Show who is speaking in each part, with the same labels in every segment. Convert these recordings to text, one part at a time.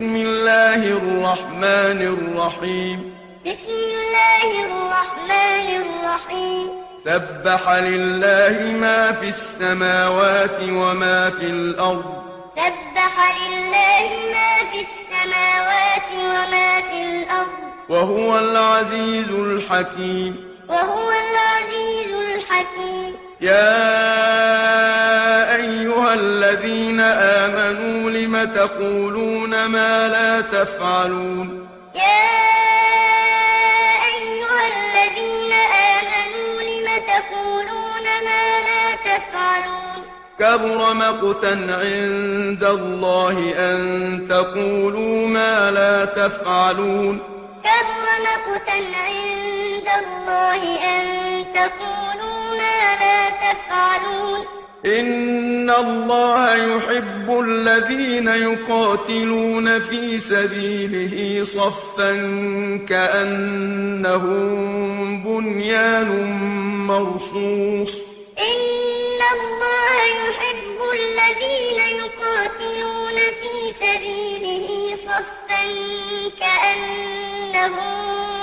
Speaker 1: بسم الله الرحمن الرحيم
Speaker 2: بسم الله الرحمن الرحيم
Speaker 1: سبح لله ما في السماوات وما في الأرض
Speaker 2: سبح لله ما في السماوات وما في الأرض
Speaker 1: وهو العزيز الحكيم
Speaker 2: وهو العزيز الحكيم
Speaker 1: يا الذين آمنوا لم تقولون ما لا تفعلون
Speaker 2: يا أيها الذين آمنوا لم تقولون ما لا تفعلون
Speaker 1: كبر مقتا عند الله أن تقولوا ما لا تفعلون
Speaker 2: كبر مقتا عند الله أن تقولوا ما لا تفعلون
Speaker 1: إن الله يحب الذين يقاتلون في سبيله صفا كأنهم بنيان مرصوص
Speaker 2: إن الله يحب الذين يقاتلون في سبيله صفا كأنهم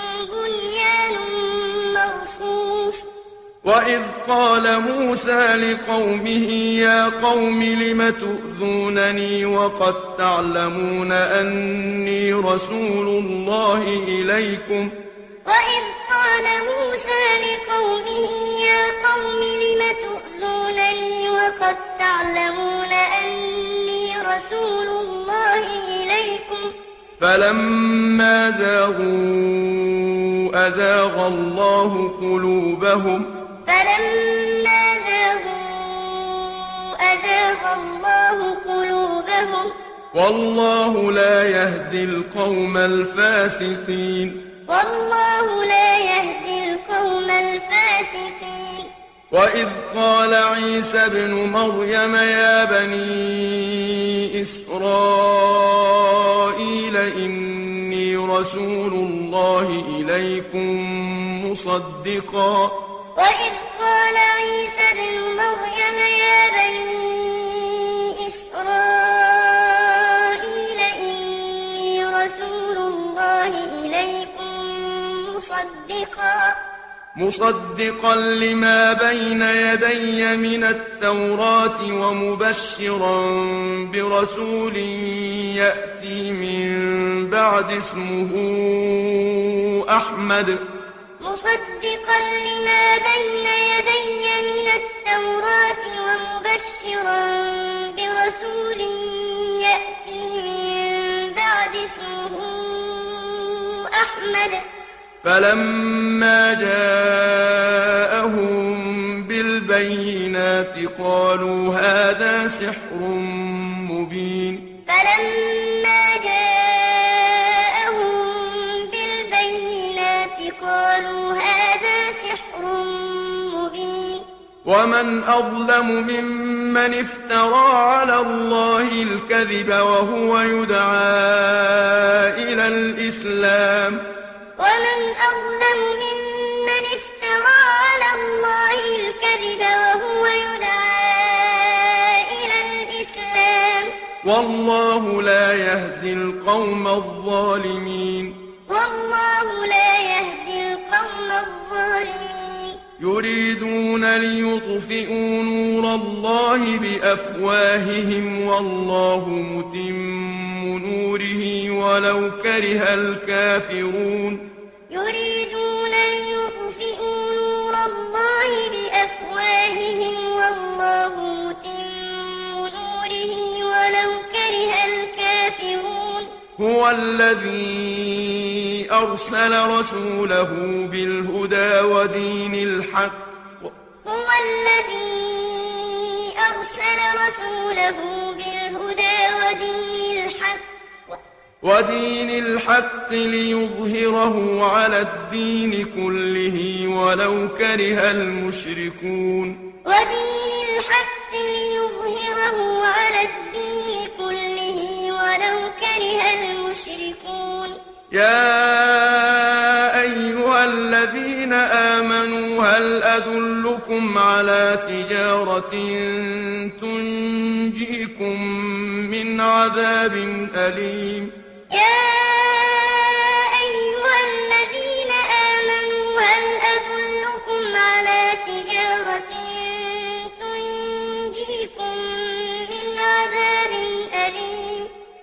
Speaker 1: وإذ قال موسى لقومه يا قوم لم تؤذونني وقد تعلمون أني رسول الله إليكم
Speaker 2: وإذ قال موسى لقومه يا قوم لم تؤذونني وقد تعلمون أني رسول الله إليكم
Speaker 1: فلما زاغوا أزاغ الله قلوبهم
Speaker 2: فلما زاغوا أزاغ الله قلوبهم
Speaker 1: والله لا يهدي القوم الفاسقين
Speaker 2: والله لا يهدي القوم الفاسقين
Speaker 1: وإذ قال عيسى ابن مريم يا بني إسرائيل إني رسول الله إليكم مصدقا
Speaker 2: وإذ قال عيسى ابن مريم يا بني إسرائيل إني رسول الله إليكم مصدقا
Speaker 1: مصدقا لما بين يدي من التوراة ومبشرا برسول يأتي من بعد اسمه أحمد
Speaker 2: مصدقا لما بين يدي من التوراة ومبشرا برسول يأتي من بعد اسمه أحمد
Speaker 1: فلما جاءهم بالبينات قالوا هذا سحر مبين
Speaker 2: فلما ومن أظلم
Speaker 1: ممن افترى على الله الكذب وهو يدعى إلى الإسلام
Speaker 2: ومن أظلم ممن افترى على الله الكذب وهو يدعى إلى الإسلام
Speaker 1: والله لا يهدي القوم الظالمين
Speaker 2: والله لا يهدي القوم الظالمين
Speaker 1: يريدون ليطفئوا نور الله بأفواههم والله متم نوره ولو كره الكافرون
Speaker 2: يريدون ليطفئوا نور الله بأفواههم والله متم نوره ولو كره الكافرون
Speaker 1: هو الذي أرسل رسوله بالهدى ودين الحق
Speaker 2: هو الذي أرسل رسوله بالهدى ودين الحق
Speaker 1: ودين الحق ليظهره على الدين كله ولو كره المشركون
Speaker 2: ودين الحق ليظهره على الدين كله ولو كره المشركون
Speaker 1: يا أيها الذين آمنوا هل أدلكم على تجارة تنجيكم من عذاب
Speaker 2: أليم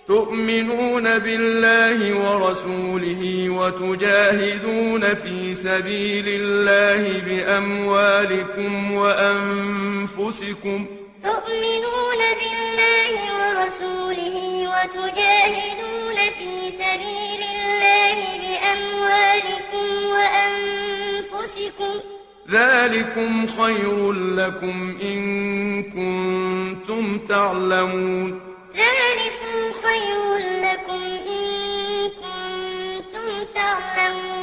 Speaker 1: تؤمنون بالله ورسوله وتجاهدون في سبيل الله بأموالكم وأنفسكم
Speaker 2: تؤمنون بالله ورسوله وتجاهدون في سبيل الله بأموالكم وأنفسكم
Speaker 1: ذلكم خير لكم إن كنتم تعلمون
Speaker 2: ذلك خير لكم إن كنتم تعلمون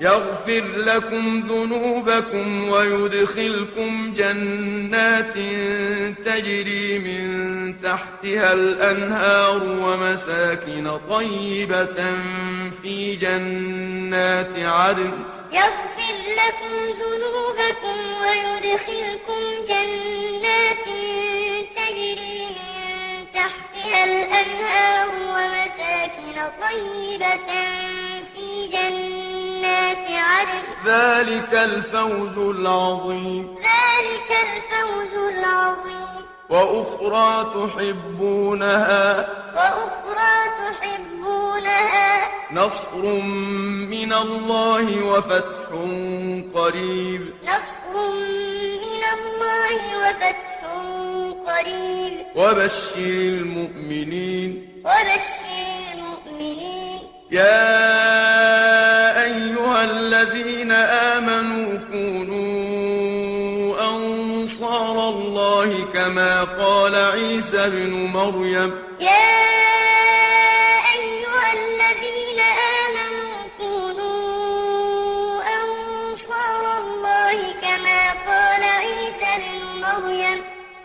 Speaker 1: يغفر لكم ذنوبكم ويدخلكم جنات تجري من تحتها الأنهار ومساكن طيبة في جنات عدن
Speaker 2: يغفر لكم ذنوبكم ويدخلكم جنات الأنهار ومساكن طيبة في جنات عدن
Speaker 1: ذلك الفوز العظيم
Speaker 2: ذلك الفوز العظيم
Speaker 1: وأخرى تحبونها
Speaker 2: وأخرى تحبونها
Speaker 1: نصر من الله وفتح قريب
Speaker 2: نصر من الله وفتح قريب
Speaker 1: وبشر المؤمنين
Speaker 2: وبشر المؤمنين يا
Speaker 1: أيها الذين آمنوا كونوا أنصار الله كما قال عيسى ابن مريم يا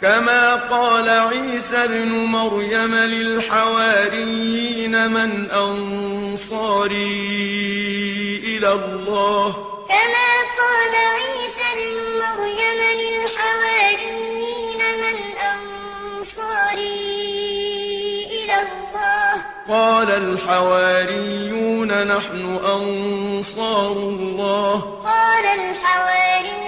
Speaker 1: كما قال عيسى ابن مريم للحواريين من أنصاري إلى الله
Speaker 2: كما قال عيسى ابن مريم للحواريين من أنصاري إلى الله
Speaker 1: قال الحواريون نحن أنصار الله
Speaker 2: قال الحواريون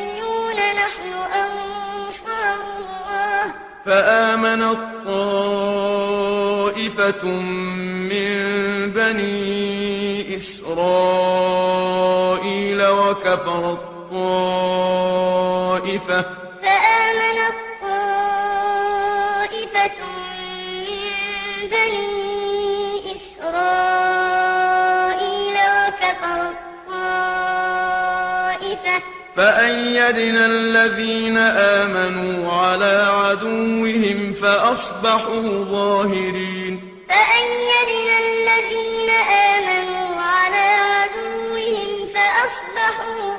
Speaker 1: فآمن الطائفة من بني إسرائيل وكفر الطائفة
Speaker 2: فآمن الطائفة من بني
Speaker 1: فأيدنا الذين آمنوا على عدوهم فأصبحوا ظاهرين
Speaker 2: فأيدنا الذين آمنوا على عدوهم فأصبحوا ظاهرين